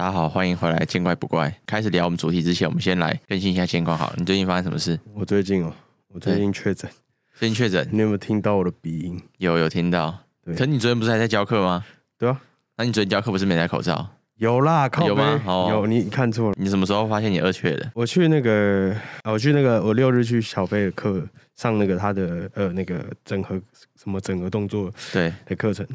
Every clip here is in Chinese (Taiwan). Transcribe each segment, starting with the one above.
大家好，歡迎回來。見怪不怪，開始聊我們主題之前，我們先來更新一下情況。好了，你最近發生什麼事？我最近哦、喔，我最近確診。最近確診？你有沒有聽到我的鼻音？有，有聽到。對。可是你昨天不是還在教課嗎？對啊。那你昨天教課不是沒戴口罩？有啦，有嗎、喔？有，你看錯了。你什麼時候發現你二確的？我去那個，啊、我去那個，我六日去小飛的課上那個他的呃那個整合什麼整合動作的課對的課程，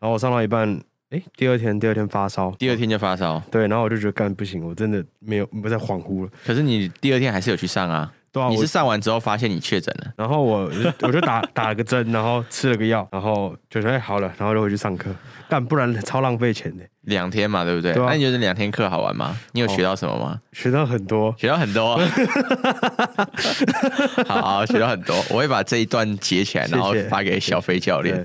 然後我上到一半。哎、欸，第二天，第二天發燒，第二天就發燒、哦對，然後我就覺得幹不行，我真的沒有不再恍惚了。可是你第二天還是有去上啊？啊你是上完之後發現你確診了，然後我就我就打打了個針，然後吃了個藥，然後就說哎、欸、好了，然後就回去上課。幹，不然超浪費錢的、欸，兩天嘛，對不對？對啊、那你覺得兩天課好玩嗎？你有學到什麼嗎？哦、學到很多，學到很多。 好，好，學到很多，我會把這一段截起來，然後發給小飛教練。謝謝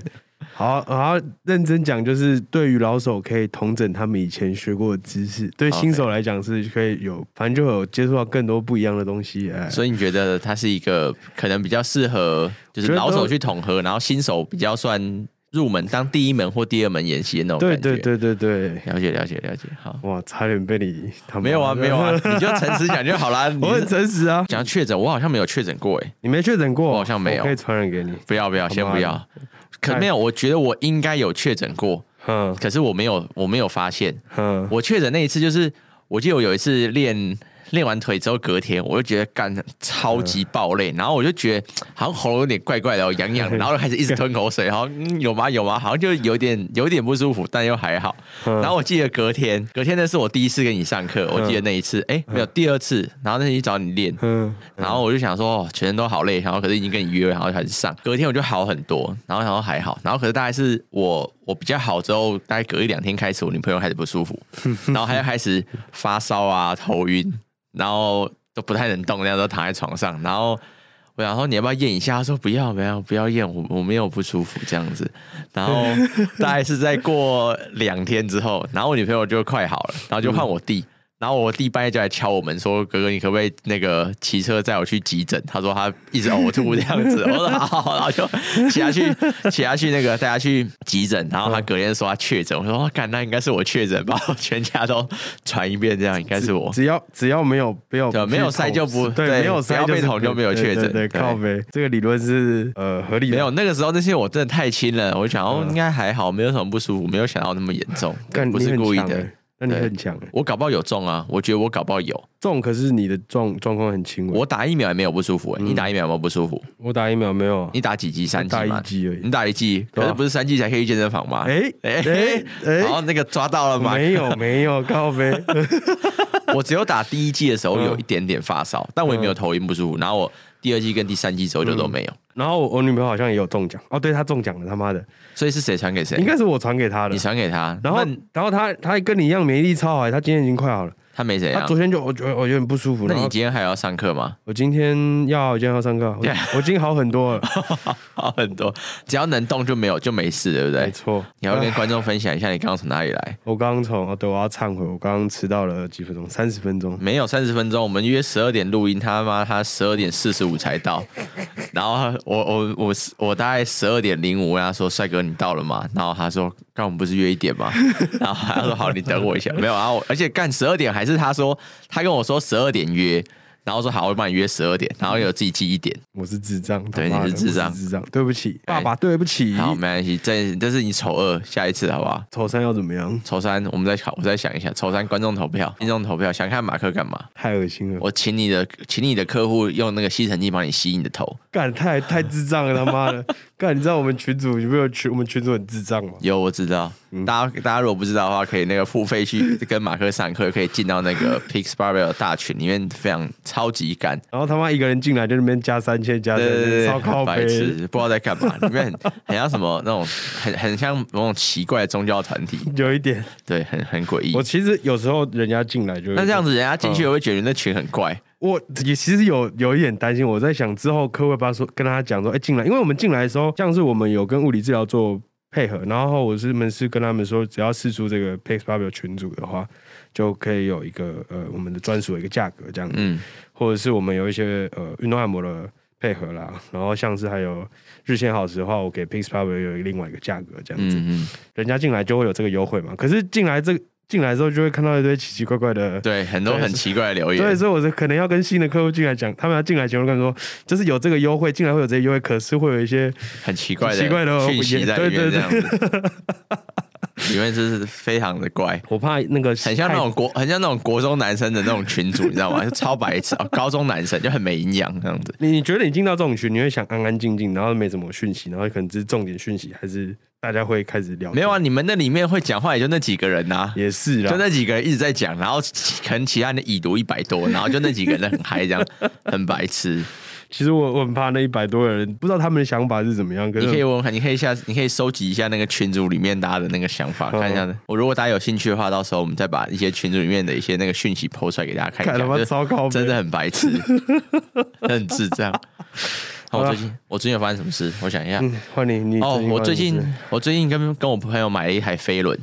好、啊，好、啊，認真講，就是對於老手可以統整他們以前學過的知識，對新手來講是可以有，反正就有接觸到更多不一樣的東西、哎。所以你覺得他是一個可能比較適合，就是老手去統合，然後新手比較算。入門當第一門或第二門演習的那種感覺，對對對對對，了解了解了解，好。哇，差點被你沒有啊，沒有啊，有啊 你就誠實講就好啦。我很誠實啊，講到確診，我好像沒有確診過哎、欸，你沒確診過？我好像沒有，可以傳染給你。不要不要，先不要，可沒有，我覺得我應該有確診過。嗯，可是我沒有，我沒有發現。嗯，我確診那一次就是，我記得我有一次練。練完腿之後，隔天我就覺得幹超級爆累，然後我就覺得好像喉嚨有點怪怪的、哦，癢癢，然後就開始一直吞口水，然後、嗯、有嗎有嗎？好像就有點有點不舒服，但又還好。然後我記得隔天，隔天那是我第一次跟你上課，我記得那一次，哎，沒有第二次。然後那天去找你練，然後我就想說，哦、全身都好累，然後可是已經跟你約，然後就開始上。隔天我就好很多，然後然後還好，然後可是大概是我我比較好之後，大概隔一兩天開始，我女朋友開始不舒服，然後她就開始發燒啊，頭暈。然後都不太能動，大家都躺在床上。然後我想說你要不要驗一下？他說不要，不要，不要驗，我我沒有不舒服這樣子。然後 大概是在過兩天之後，然後我女朋友就快好了，然後就換我弟。嗯然後我弟半夜就來敲我門說：“哥哥，你可不可以那個騎車載我去急診？”他說他一直嘔吐這樣子。 我說好，好好，然後就騎下去，騎下去那個帶他去急診。然後他隔天說他確診。我說：“哦，幹，那應該是我確診吧？全家都傳一遍，這樣應該是我。”只要只要沒有沒有沒有塞就不對，對，對，沒有塞要被捅就沒有確診。對，對，對，對，靠北，這個理論是呃合理。沒有那個時候那些我真的太輕了，我想應該還好，沒有什麼不舒服，沒有想到那麼嚴重，嗯、不是故意的。那你很強、欸欸，我搞不好有中啊？我覺得我搞不好有中，可是你的狀狀況很輕微，我打疫苗也沒有不舒服、欸嗯，你打疫苗有沒有不舒服？我打疫苗沒有、啊，你打幾劑？三劑打一劑，你打一劑，啊、可是不是三劑才可以去健身房嗎？哎哎哎，然後那個抓到了嗎？沒、欸、有沒有，靠北， 我只有打第一劑的時候有一點點發燒、嗯，但我也沒有頭暈不舒服、嗯，然後我。.第二季跟第三季之後就都沒有、嗯。然後我，我女朋友好像也有中獎哦，對她中獎了，他媽的！所以是誰傳給誰？應該是我傳給她的，你傳給她。然後然後她她跟你一樣免疫力超好，她今天已經快好了。他沒怎樣，昨天就我覺得我有點不舒服。那你今天還要上課嗎？我今天要，我今天要上課。Yeah. 我今天好很多了， 好很多，只要能動就沒有，就沒事，對不對？沒錯。你要跟觀眾分享一下，你剛剛從哪裡來？ 我剛剛從對，我要懺悔，我剛剛遲到了幾分鐘，三十分鐘沒有，三十分鐘。我們約十二點錄音他，他媽他十二點四十五才到， 然後我我我我大概十二點零五，我跟他說：“帥 哥，你到了嗎？”然後他說。那我們不是約一點嗎？然後他說好，你等我一下。沒有啊，然後而且幹十二點還是他說他跟我說十二點約，然後說好，我幫你約十二點，然後有自己記一點。我是智障，對你是智障，智障。對不起、欸，爸爸，對不起。好，沒關係。這這是你醜二，下一次好不好？醜三要怎麼樣？醜三，我們再考，我再想一下。醜三，觀眾投票，觀眾投票，想看馬克幹嘛？太噁心了！我請你的，請你的客戶用那個吸塵器幫你吸你的頭。幹，太太智障了，他媽的！ 那你知道我們群主有沒有群？我們群主很智障嗎？有，我知道。大家大家如果不知道的話，可以那個付費去跟馬克上課，可以進到那個 Pix Barbell 大群裡面，非常超級幹。然後他媽一個人進來就那邊加三千加三千，超靠北，白癡，不知道在幹嘛。 裡面很很像什麼那種很很像某種奇怪的宗教團體，有一點對，很很詭異。我其實有時候人家進來就那這樣子，人家進去也、嗯、會覺得那群很怪。我也其實有有一點擔心，我在想之後科威巴說跟他講說，哎、欸，進來，因為我們進來的時候，像是我們有跟物理治療做配合，然後我是們是跟他們說，只要試出這個 Pixable 群組的話，就可以有一個呃我們的專屬的一個價格這樣子，嗯，或者是我們有一些呃運動按摩的配合啦，然後像是還有日線好時的話，我給 Pixable 有另外一個價格這樣子，嗯嗯，人家進來就會有這個優惠嘛，可是進來這。進來之後就會看到一堆奇奇怪怪的，對，很多很奇怪的留言。所以我就可能要跟新的客戶進來講，他們要進來前我跟他說，就是有這個優惠，進來會有這些優惠，可是會有一些很奇怪的奇怪的訊息在裡面，對對、對，這樣子，因 是非常的怪，我怕那個很像那種國，很像那種國中男生的那種群組，你知道嗎？ 就超白痴啊，哦，高中男生就很沒營養這樣子。你，你覺得你進到這種群，你會想安安靜靜，然後沒什麼訊息，然後可能只是重點訊息，還是？大家會開始聊，沒有啊？你們那裡面會講話也就那幾個人吶、啊，也是，就那幾個人一直在講，然後可能其他人已讀一百多，然後就那幾個人很嗨，這樣 很白痴。其實我我很怕那一百多人，不知道他們的想法是怎麼樣。可你可以問，你可以下，你可以收集一下那個群組裡面大家的那個想法，看一下、哦。我如果大家有興趣的話，到時候我們再把一些群組裡面的一些那個訊息 PO 出來給大家看一下，就真的很白痴， 很智障。 啊、我最近，我最近有發生什麼事？我想一下。嗯、換你哦、喔！我最近，我最近跟跟我朋友買了一台飛輪。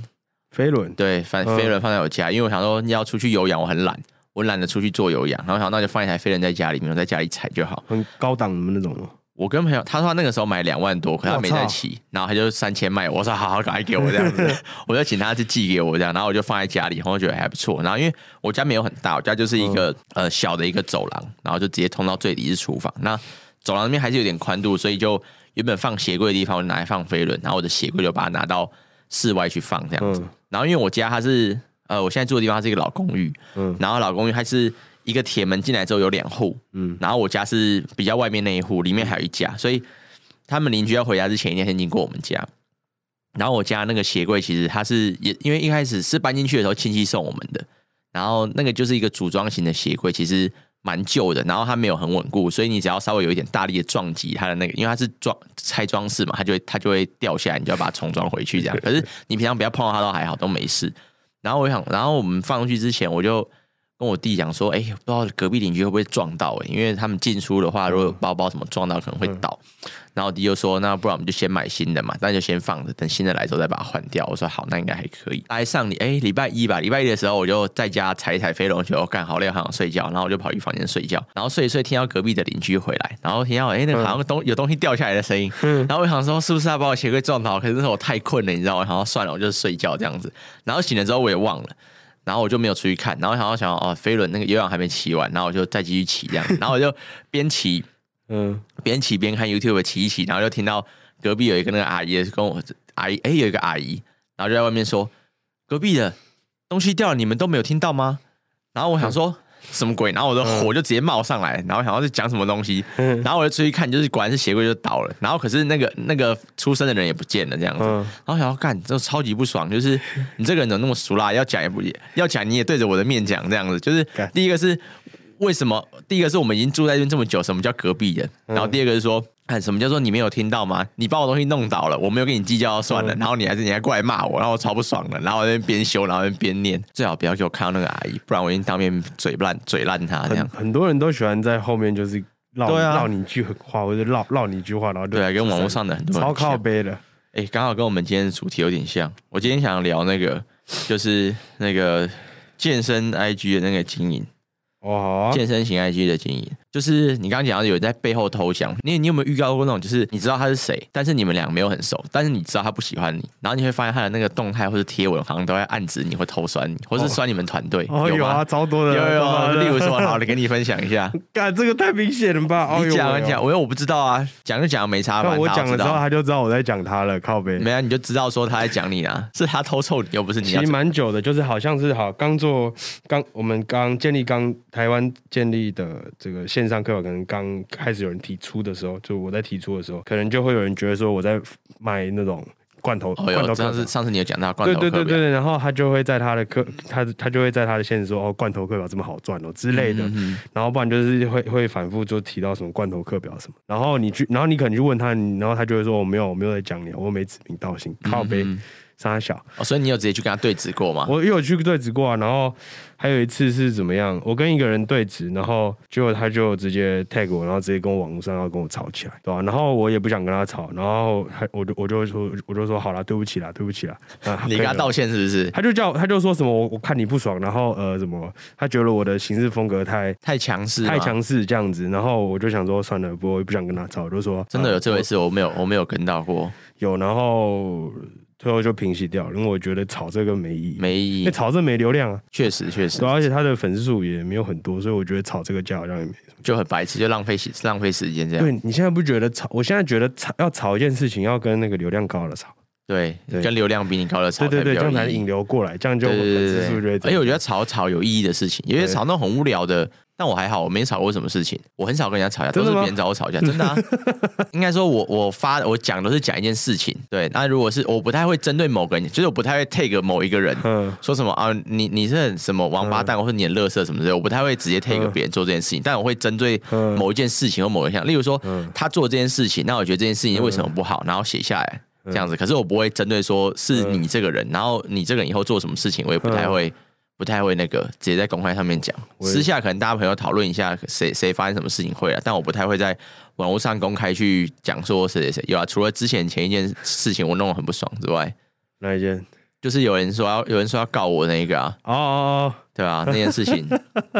飛輪對，放飛輪放在我家、嗯，因為我想說要出去有氧我懶，我很懶，我懶得出去做有氧，然後我想說那就放一台飛輪在家裡面，我在家裡踩就好。很高檔什麼那種？我跟朋友他說他那個時候買兩萬多，可他沒在騎，然後他就三千賣。我說好好，趕快給我這樣子。 我就請他去寄給我這樣，然後我就放在家裡，然後我覺得還不錯。然後因為我家沒有很大，我家就是一個、嗯、呃小的一個走廊，然後就直接通到最底是廚房那。走廊那邊還是有點寬度，所以就原本放鞋櫃的地方，我拿來放飛輪，然後我的鞋櫃就把它拿到室外去放這樣子。嗯、然後因為我家它是呃，我現在住的地方是一個老公寓，嗯，然後老公寓它是一個鐵門進來之後有兩戶，嗯，然後我家是比較外面那一戶，裡面還有一家，所以他們鄰居要回家之前一定要先經過我們家。然後我家那個鞋櫃其實它是也因為一開始是搬進去的時候親戚送我們的，然後那個就是一個組裝型的鞋櫃，其實。蠻舊的，然後它沒有很穩固，所以你只要稍微有一點大力的撞擊，它的那個，因為它是裝拆裝式嘛，它就會它就會掉下來，你就要把它重裝回去這樣。可是你平常不要碰到它都還好，都沒事。然後我想，然後我們放上去之前，我就。跟我弟講說，哎、欸，不知道隔壁鄰居會不會撞到哎、欸，因為他們進出的話，如果有包包什麼撞到，可能會倒、嗯嗯。然後弟就說，那不然我們就先買新的嘛，那就先放着，等新的來之後再把它換掉。我說好，那應該還可以。來上禮，哎、欸，禮拜一吧，禮拜一的時候我就在家踩一踩飛龍球。我幹、哦、好累好想睡覺，然後我就跑去房間睡覺。然後睡一睡，聽到隔壁的鄰居回來，然後聽到哎、欸，那個、好像東、嗯、有東西掉下來的聲音。然後我想說，是不是他把我鞋櫃撞倒？可是我太困了，你知道我然後算了，我就睡覺這樣子。然後醒了之後，我也忘了。然後我就沒有出去看，然後想要想到哦，飛輪那個有氧還沒騎完，然後我就再繼續騎這樣， 然後我就邊騎，嗯，邊騎邊看 YouTube 騎一騎，然後就聽到隔壁有一個那個阿姨跟我阿姨，誒、欸，有一個阿姨，然後就在外面說隔壁的東西掉了，你們都沒有聽到嗎？然後我想說。嗯什麼鬼？然後我的火、嗯、就直接冒上來，然後想要去講什麼東西、嗯，然後我就出去看，就是果然是鞋櫃就倒了，然後可是那個那個出聲的人也不見了，這樣子，嗯、然後想要幹，就超級不爽，就是你這個人怎麼那麼俗辣，要講也不也，要講你也對着我的面講這樣子，就是第一個是為什麼，第一個是我們已經住在這邊這麼久，什麼叫隔壁人？嗯、然後第二個是說。看什麼叫做你沒有聽到嗎？你把我東西弄倒了，我沒有跟你計較了、嗯、算了。然後你還是你還過來罵我，然後我超不爽的。然後我邊修， 然後邊、邊念，最好不要給我看到那個阿姨，不然我已經當面嘴爛嘴爛他這樣很。很多人都喜歡在後面就是嘮嘮、對啊、你一句話，或者嘮嘮你一句話，然後對啊，跟、就是、網絡上的很多人超靠背的。哎，剛好跟我們今天的主題有點像，我今天想聊那個，就是那個健身 IG 的那個經營哦 健身型 IG 的經營。就是你剛剛講到有在背後偷香，你你有沒有遇到過那種？就是你知道他是誰，但是你們倆沒有很熟，但是你知道他不喜歡你，然後你會發現他的那個動態或者貼文好像都在暗指你，會偷酸你，或是酸你們團隊。哦，哦，有啊，超多人。有有，例如說，好了，給你分享一下。幹，這個太明顯了吧？哦，你講啊講，我又我不知道啊，講就講，沒差。反正我講了之後他就知道我在講他了，靠北。沒啊，你就知道說他在講你啊， 是他偷臭你，又不是你。其實蠻久的，就是好像是好剛做，剛我們剛建立剛台灣建立的這個現，上課表可能剛開始有人提出的時候，就我在提出的時候，可能就會有人覺得說我在賣那種罐頭，哦、罐頭課、哦、上次你有講到罐頭，對，對對對對，然後他就會在他的課，他他就會在他的限時說哦，罐頭課表這麼好賺哦之類的、嗯哼哼，然後不然就是會會反覆就提到什麼罐頭課表什麼，然後你去，然後你可能就問他，然後他就會說我、哦、沒有，我沒有在講你，我沒指名道姓，靠、嗯、背。三小哦，所以你有直接去跟他對質過嗎？我也有去對質過啊，然後還有一次是怎麼樣？我跟一個人對質，然後結果他就直接 tag 我，然後直接跟我網上要跟我吵起來，對吧？啊？然後我也不想跟他吵，然後還我就我就說，我就說好啦，對不起啦，對不起啦，嗯。你跟他道歉是不是？他就叫他就說什麼我我看你不爽，然後呃什麼？他覺得我的行事風格太太強勢，太強勢這樣子。然後我就想說算了，不過我也不想跟他吵，我就說真的有這回事，我沒有，嗯，我，我沒有跟到過有，然後。最後就平息掉，因為我覺得炒這個沒意義，沒意義，因、欸、為炒這個沒流量啊，確實確實，對，而且他的粉絲數也沒有很多，所以我覺得炒這個價好像也沒什麼意思，就很白痴，就浪費時浪費時間這樣。對，你現在不覺得炒？我現在覺得炒要炒一件事情，要跟那個流量高的炒，對，對跟流量比你高的炒，對對對，對，這樣才引流過來，這樣就粉絲數就。而且我覺得炒炒有意義的事情，因為炒那種很無聊的。但我還好，我沒吵過什麼事情。我很少跟人家吵架，都是別人找我吵架。 真的、啊，應該說我我發我講都是講一件事情。對，那如果是我不太會針對某個人，就是我不太會 take 某一個人說什麼啊，你你是什麼王八蛋，或者你很樂色什麼之類，我不太會直接 take 別人做這件事情。但我會針對某一件事情或某一項，例如說他做這件事情，那我覺得這件事情為什麼不好，然後寫下來這樣子。可是我不會針對說是你這個人，然後你這個人以後做什麼事情，我也不太會。不太會那個直接在公開上面講，私下可能大家朋友討論一下誰誰發生什麼事情會了、啊。但我不太會在網絡上公開去講說誰誰誰有啊。除了之前前一件事情我弄得很不爽之外，那一件就是有人說要有人說要告我那一個啊，哦哦哦，對啊，那件事情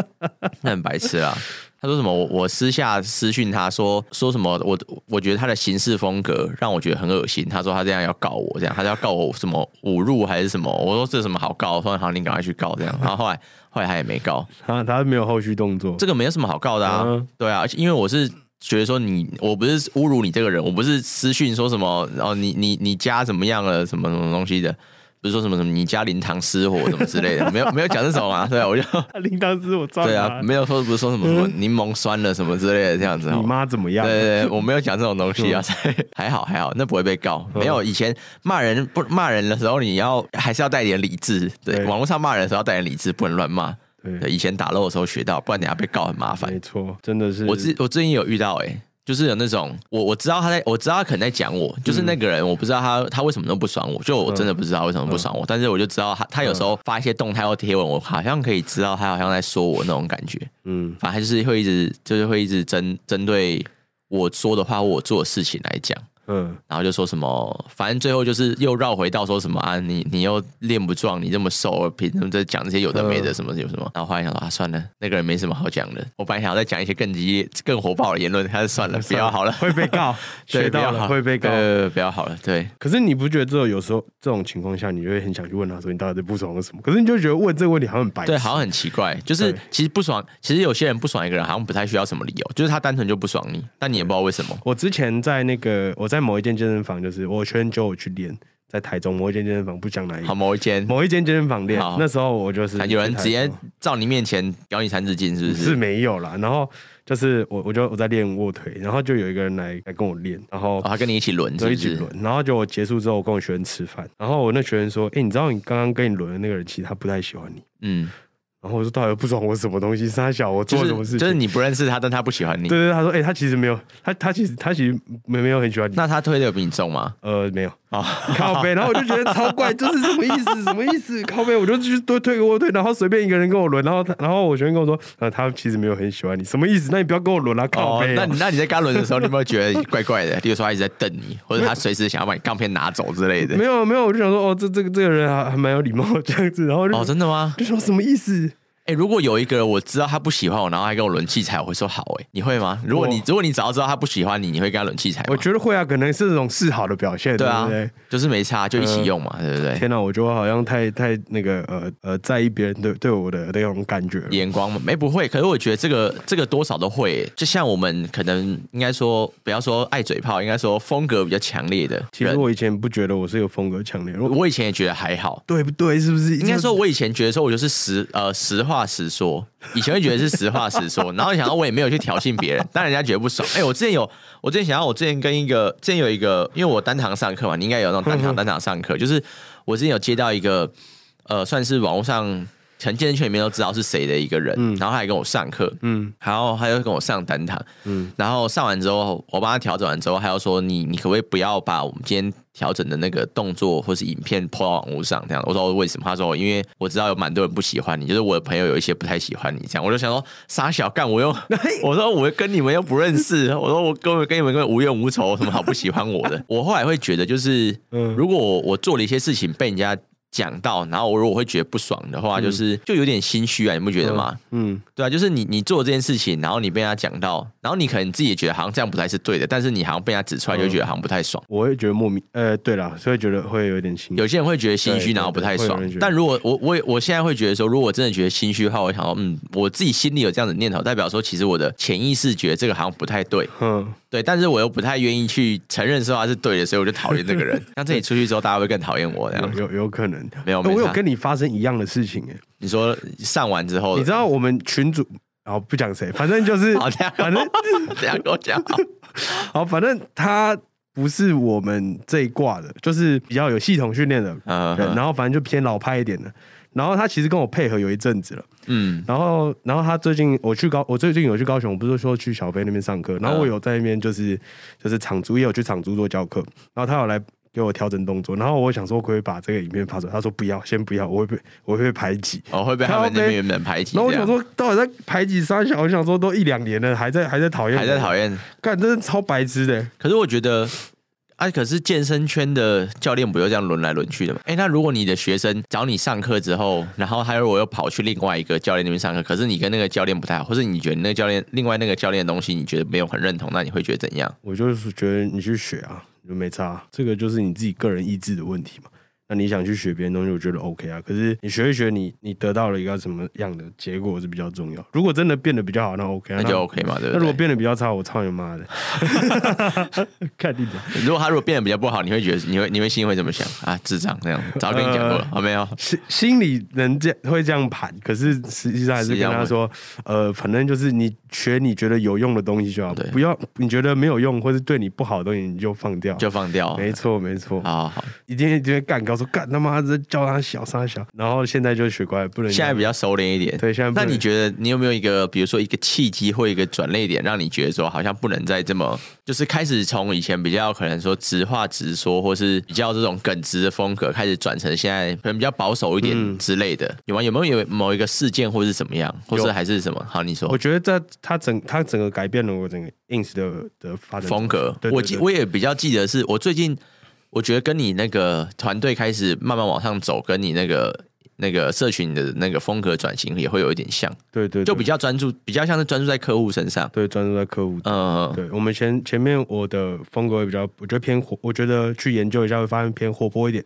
那很白痴啊。 他說什麼？我私下私訊他說說什麼我？我我覺得他的行事風格讓我覺得很噁心。他說他這樣要告我這樣，他就要告我什麼侮辱還是什麼？我說這什麼好告？他說好，你趕快去告這樣。然後後來後來他也沒告，他他沒有後續動作。這個沒有什麼好告的啊，對啊，因為我是覺得說你，我不是侮辱你這個人，我不是私訊說什麼，然後，哦，你你你家怎麼樣了，什麼什麼東西的。不是說什麼什麼你家靈堂失火什麼之類的， 沒有沒有講這種啊，對啊，我就靈堂失火遭了。對啊，沒有說不是說什麼什麼檸檬酸了什麼之類的這樣子。你媽怎麼樣？對，對對，我沒有講這種東西啊，嗯、還好還好，那不會被告。嗯、沒有以前罵人不罵人的時候，你要還是要帶點理智。對，對，網路上罵人的時候要帶點理智，不能亂罵。對，以前打漏的時候學到，不然等下被告很麻煩。沒錯，真的是我最我最近有遇到哎、欸。就是有那種，我我知道他在我知道他可能在講我，就是那個人我不知道他、嗯、他為什麼都不爽我，就我真的不知道為什麼不爽我，嗯、但是我就知道他、嗯、他有時候發一些動態或貼文，我好像可以知道他好像在說我那種感覺，嗯，反正就是會一直就是會一直針針對我說的話或我做的事情來講。嗯，然後就說什麼，反正最後就是又繞回到說什麼啊，你你又練不壯，你這麼瘦，平常在講這些有的沒的什麼、嗯、有什麼，然後後來想說啊，算了，那個人沒什麼好講的，我本來想要再講一些更激烈更火爆的言論，還是算了，算了，不要好了，會被告， 對，學到了，不要好了，會被告對對對對，不要好了，對。可是你不覺得這有，有時候這種情況下，你就會很想去問他，說你到底在不爽什麼？可是你就覺得問這個問題好像很白，對，好像很奇怪。就是其實不爽，其實有些人不爽一個人，好像不太需要什麼理由，就是他單純就不爽你，但你也不知道為什麼。我之前在那個我在。在某一間健身房，就是我學生，就我去練，在台中某一間健身房，不講哪一個好，某一間，某一間健身房練。那時候我就是有人直接在照你面前教你三字經，是不是？是沒有啦。然後就是我，我就我在練臥推，然後就有一個人來來跟我練，然後、哦、他跟你一起輪，一起輪。然後結果結束之後，我跟我學生吃飯，然後我那學生說：“哎、欸，你知道你剛剛跟你輪的那個人，其實他不太喜歡你。”嗯。然後我就到底不知道我什麼東西，是他想我做什麼事情，就是。就是你不認識他，但他不喜歡你。對對，他說，哎、欸，他其實沒有，他他其實他其實，他其實沒沒有很喜歡你。那他推的有比你重嗎？呃，沒有啊，哦。靠北，然後我就覺得超怪，這 是什麼意思？什麼意思？靠北，我就去推推給我推，然後隨便一個人跟我輪，然後然後我學生跟我說，呃，他其實沒有很喜歡你，什麼意思？那你不要跟我輪啊。靠北哦，那你那你在剛輪的時候， 你有沒有覺得怪怪的？比如說他一直在瞪你，或者他隨時想要把你鋼片拿走之類的？沒有沒有，我就想說，哦，這這個這個人還還蠻有禮貌這樣子。然後就哦，真的嗎？就說什麼意思？哎、欸，如果有一個人我知道他不喜歡我，然後還跟我輪器材，我會說好哎、欸，你會嗎？如果你如果,如果你只要知道他不喜歡你，你會跟他輪器材嗎？我覺得會啊，可能是這種示好的表現。對啊對對，就是沒差，就一起用嘛，嗯、對不對？天哪、啊，我覺得我好像太太那個呃呃，在意別人的對,對我的那種感覺眼光嘛，沒、欸、不會。可是我覺得這個這個多少都會、欸，就像我們可能應該說不要說愛嘴炮，應該說風格比較強烈的。其實我以前不覺得我是一個風格強烈的，我我以前也覺得還好，對不對？是不是應該說，我以前覺得說，我就是實呃實話。實說，以前會覺得是實話實說， 然後想到我也沒有去挑釁別人，但人家覺得不爽。哎、欸，我之前有，我之前想到，我之前跟一個，之前有一個，因為我單堂上課嘛，你應該有那種單堂 單堂上課，就是我之前有接到一個，呃，算是網絡上。健身圈裡面都知道是誰的一個人、嗯，然後他還跟我上課，嗯，然後他又跟我上單堂，嗯，然後上完之後，我幫他調整完之後，他又說你，你可不可以不要把我們今天調整的那個動作或是影片拋到網路上？這樣，我說，為什麼？他說，因為我知道有蠻多人不喜歡你，就是我的朋友有一些不太喜歡你這樣。我就想說傻小干我又， 我說我跟你們又不認識，我說我根本跟你們根本無冤無仇，什麼好不喜歡我的？ 我後來會覺得就是，如果我，我做了一些事情被人家。講到，然後我如果會覺得不爽的話，嗯、就是就有點心虛啊，你不覺得嗎？嗯，嗯對啊，就是你你做這件事情，然後你被他講到，然後你可能自己也覺得好像這樣不太是對的，但是你好像被他指出來就覺得好像不太爽，嗯。我會覺得莫名，呃，對啦，所以覺得會有點心。有些人會覺得心虛，然後不太爽。但如果我我我現在會覺得說，如果我真的覺得心虛的話，我想說嗯，我自己心裡有這樣的念頭，代表說其實我的潛意識覺得這個好像不太對，嗯。對，但是我又不太願意去承認說他是對的，所以我就討厭這個人。那自己出去之後，大家會更討厭我這樣。有有可能沒有沒有。沒我有跟你發生一樣的事情欸。你說上完之後，你知道我們群主，然後不講誰，反正就是， 好反正這樣跟我講。好，反正他不是我們這一掛的，就是比較有系統訓練的， 然後反正就偏老派一點的。然後他其實跟我配合有一陣子了。嗯，然後，然後他最近我去高，我最近有去高雄，我不是說去小飛那邊上課，然後我有在那邊就是、嗯、就是場租也有去場租做教課，然後他有來給我調整動作，然後我想說可以把這個影片發出來，他說不要，先不要，我會被我會被排擠，哦，會被他們那邊人排擠，然後我想說，到底在排擠三小，我想說都一兩年了，還在還在討厭，還在討厭，幹真是超白痴的，可是我覺得。哎、啊，可是健身圈的教練不就這樣輪來輪去的嘛。哎、欸，那如果你的學生找你上課之後，然後他又跑去另外一個教練那邊上課，可是你跟那個教練不太好，或者你覺得那個教練另外那個教練的東西你覺得沒有很認同，那你會覺得怎樣？我就是覺得你去學啊，你就沒差，這個就是你自己個人意志的問題嘛。那你想去學別的東西，我覺得 OK 啊。可是你學一學你，你你得到了一個什麼樣的結果是比較重要？如果真的變得比較好，那 OK 啊，那就 OK 嘛，對不對？那如果變得比較差，我操你媽的！ 看地圖。如果他如果變得比較不好，你會覺得，你會你會心裡會怎麼想啊？智障這樣，早跟你講過了、呃 oh, 沒有心心裡能這樣會這樣盤，可是實際上還是跟他說，呃，反正就是你學你覺得有用的東西就好，不要，你覺得沒有用或是對你不好的東西你就放掉，就放掉，沒錯沒錯啊好好好，一天一天干高。說幹他媽是、啊、叫他小三小，然後現在就學乖，不能。現在比較熟練一點，對，現在。那你覺得你有沒有一個，比如說一個契機或一個轉捩點，讓你覺得說好像不能再這麼，就是開始從以前比較可能說直話直說，或是比較這種耿直的風格，開始轉成現在可能比較保守一點之類的，有、嗯、嗎？有沒有有某一個事件或是怎麼樣，或是還是什麼？好，你說。我覺得這它整他整個改變了我整個 ins 的的,的發展風格。對對對，我記我也比較記得是我最近。我覺得跟你那個團隊開始慢慢往上走，跟你那個那個社群的那個風格轉型也會有一點像，對，對對，就比較專注，比較像是專注在客戶身上，對，專注在客戶，嗯，對我們前前面我的風格也比較，我覺得偏活，我覺得去研究一下會發現偏活潑一點。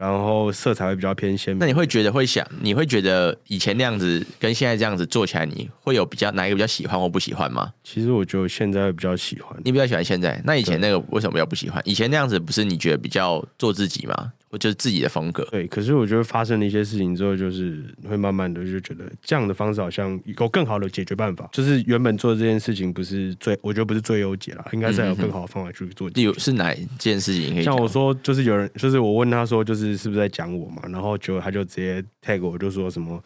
然後色彩會比較偏鮮。那你會覺得會想，你會覺得以前那樣子跟現在這樣子做起來，你會有比較哪一個比較喜歡或不喜歡嗎？其實我覺得我現在比較喜歡。你比較喜歡現在？那以前那個為什麼要不喜歡？以前那樣子不是你覺得比較做自己嗎？我就是自己的風格，對。可是我覺得發生了一些事情之後，就是會慢慢的就覺得這樣的方式好像有個更好的解決辦法。就是原本做這件事情不是最，我覺得不是最優解了，應該是還有更好的方法去做。有、嗯、是哪一件事情？像我說，就是有人，就是我問他說，就是是不是在講我嘛？然後結果他就直接 tag 我，就說什麼。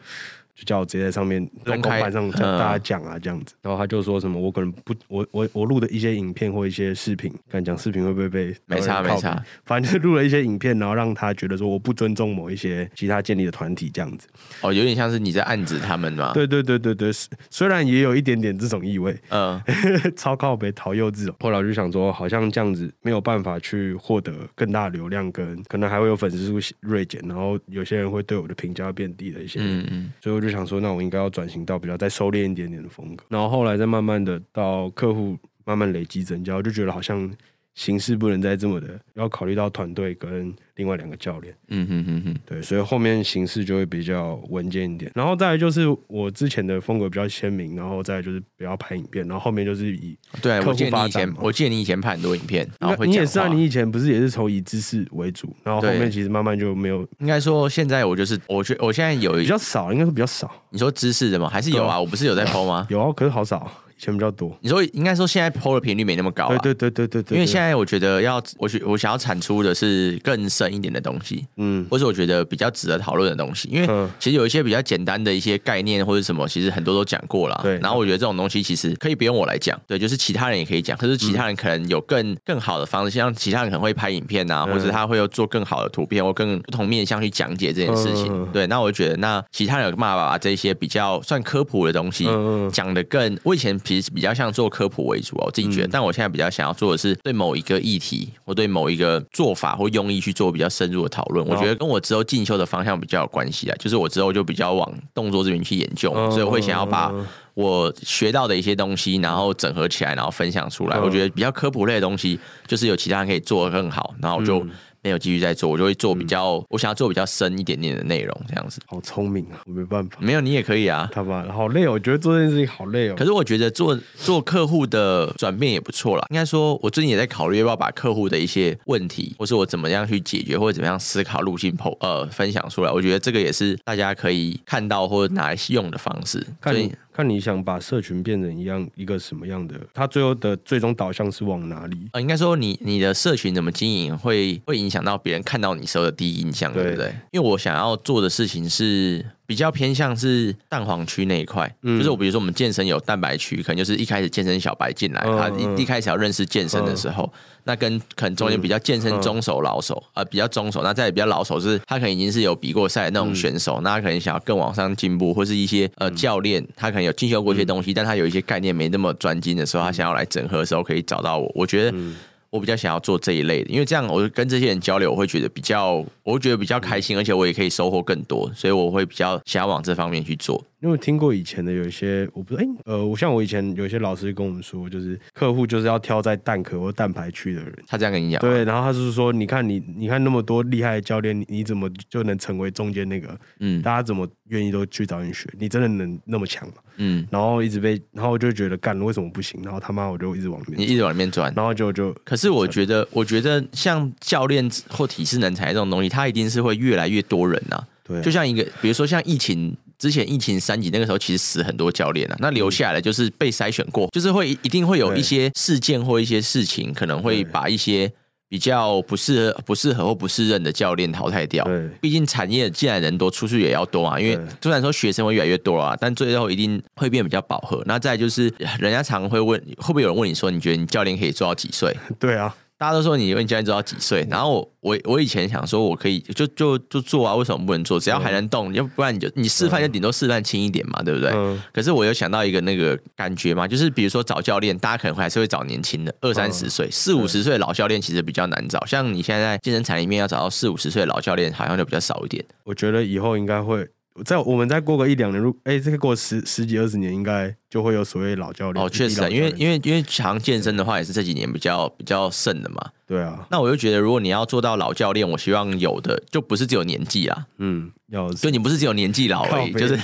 就叫我直接在上面開在公版上跟大家講啊，這樣子、嗯。然後他就說什麼我可能不我我我錄的一些影片或一些視頻，看講視頻會不會被沒差沒差？反正就錄了一些影片，然後讓他覺得說我不尊重某一些其他建立的團體這樣子。哦，有點像是你在暗指他們嘛？對對對對對，雖然也有一點點這種意味。嗯， 超靠北，好幼稚、喔。後來我就想說，好像這樣子沒有辦法去獲得更大流量，跟可能還會有粉絲數銳減，然後有些人會對我的評價變低了一些，嗯嗯，所以。就想說，那我應該要轉型到比較再收斂一點點的風格，然後後來再慢慢的到客戶慢慢累積增加，我就覺得好像。形式不能再這麼的，要考慮到團隊跟另外兩個教練。嗯嗯嗯嗯，對，所以後面形式就會比較穩健一點。然後再來就是我之前的風格比較鮮明，然後再來就是不要拍影片，然後後面就是以對客戶對發展嘛，我見你以前。我見你以前拍很多影片，然後你也是啊，你以前不是也是從以知識為主，然後後面其實慢慢就沒有。應該說現在我就是，我覺得我現在有比較少，應該是比較少。你說知識的嗎？還是有啊？啊我不是有在 PO、啊、嗎？有啊，可是好少。錢比較多，你說應該說現在 po 的頻率沒那麼高，啊、對對對對對，對，因為現在我覺得要我我想要產出的是更深一點的東西，嗯，或是我覺得比較值得討論的東西，因為、嗯、其實有一些比較簡單的一些概念或者什麼，其實很多都講過了，對。然後我覺得這種東西其實可以不用我來講，對，就是其他人也可以講，可是其他人可能有更更好的方式，像其他人可能會拍影片啊，或者他會有做更好的圖片或更不同面向去講解這件事情，嗯，嗯、對。那我覺得那其他人有爸爸這些比較算科普的東西講的更，嗯，嗯、我以前。其實比較像做科普為主、啊、我自己覺得、嗯。但我現在比較想要做的是，對某一個議題，我對某一個做法或用意去做比較深入的討論、哦。我覺得跟我之後進修的方向比較有關係啊，就是我之後就比較往動作這邊去研究、哦，所以我會想要把我學到的一些東西，然後整合起來，然後分享出來。哦、我覺得比較科普類的東西，就是有其他人可以做得更好，然後我就、嗯。沒有繼續在做，我就會做比較、嗯，我想要做比較深一點點的內容，這樣子。好聰明啊！我沒辦法，沒有你也可以啊。好吧？好累哦，我覺得做這件事情好累哦。可是我覺得做做客戶的轉變也不錯啦。應該說，我最近也在考慮要不要把客戶的一些問題，或是我怎麼樣去解決，或者怎麼樣思考路徑，呃，分享出來。我覺得這個也是大家可以看到或者拿來用的方式。看看你想把社群變成一樣一個什麼樣的，它最後的最終導向是往哪裡？呃，應該說你你的社群怎麼經營，會會影響到別人看到你時候的第一印象對，對不對？因為我想要做的事情是。比較偏向是蛋黃區那一塊、嗯，就是我比如說我們健身有蛋白區，可能就是一開始健身小白進來、嗯，他一一開始要認識健身的時候，嗯、那跟可能中間比較健身中手老手，呃，比較中手，那再比較老手是，他可能已經是有比過賽的那種選手、嗯，那他可能想要更往上進步，或是一些呃教練，他可能有進修過一些東西、嗯，但他有一些概念沒那麼專精的時候，他想要來整合的時候，可以找到我，我覺得。嗯我比較想要做這一類的，因為這樣我就跟這些人交流，我會覺得比較，我會覺得比較開心，而且我也可以收穫更多，所以我會比較想要往這方面去做。因為聽過以前的有一些，我不知道，哎、欸、呃，我像我以前有些老師跟我們說，就是客戶就是要挑在蛋殼或蛋白區的人，他這樣跟你講，對，然後他就是說，你看你你看那麼多厲害的教練，你怎麼就能成為中間那個？嗯，大家怎麼？願意都去找你學，你真的能那麼強嗎？嗯，然後一直被，然後我就覺得幹了，為什麼不行？然後他媽，我就一直往裡面，你一直往裡面轉，然後就就。可是我覺得，我覺得像教練或體適能產業這種東西，它一定是會越來越多人啊。對啊，就像一個，比如說像疫情之前，疫情三級那個時候，其實死很多教練啊，那留下來就是被篩選過，嗯、就是會一定會有一些事件或一些事情，可能會把一些。比較不適合不適合或不適任的教練淘汰掉。對，畢竟產業既然人多，出去也要多嘛。因為雖然說學生會越來越多啊，但最後一定會變比較飽和。那再就是，人家常會問，會不會有人問你說，你覺得你教練可以做到幾歲？對啊。大家都說你問教練做到幾歲？然後我我我以前想說我可以就就就做啊，為什麼不能做？只要還能動，要、嗯、不然你就你示範就頂多示範輕一點嘛，嗯、對不對、嗯？可是我有想到一個那個感覺嘛，就是比如說找教練，大家可能還是會找年輕的，二三十歲、嗯、四五十歲的老教練其實比較難找，像你現在在健身產業裡面要找到四五十歲的老教練，好像就比較少一點。我覺得以後應該會。在我們再過個一兩年，如、欸、哎，這個過十十幾二十年，應該就會有所謂老教練哦。確實，因為因為因為常健身的話，也是這幾年比較比較盛的嘛。對啊。那我就覺得，如果你要做到老教練，我希望有的就不是只有年紀啊。嗯要是。就你不是只有年紀老而已，就是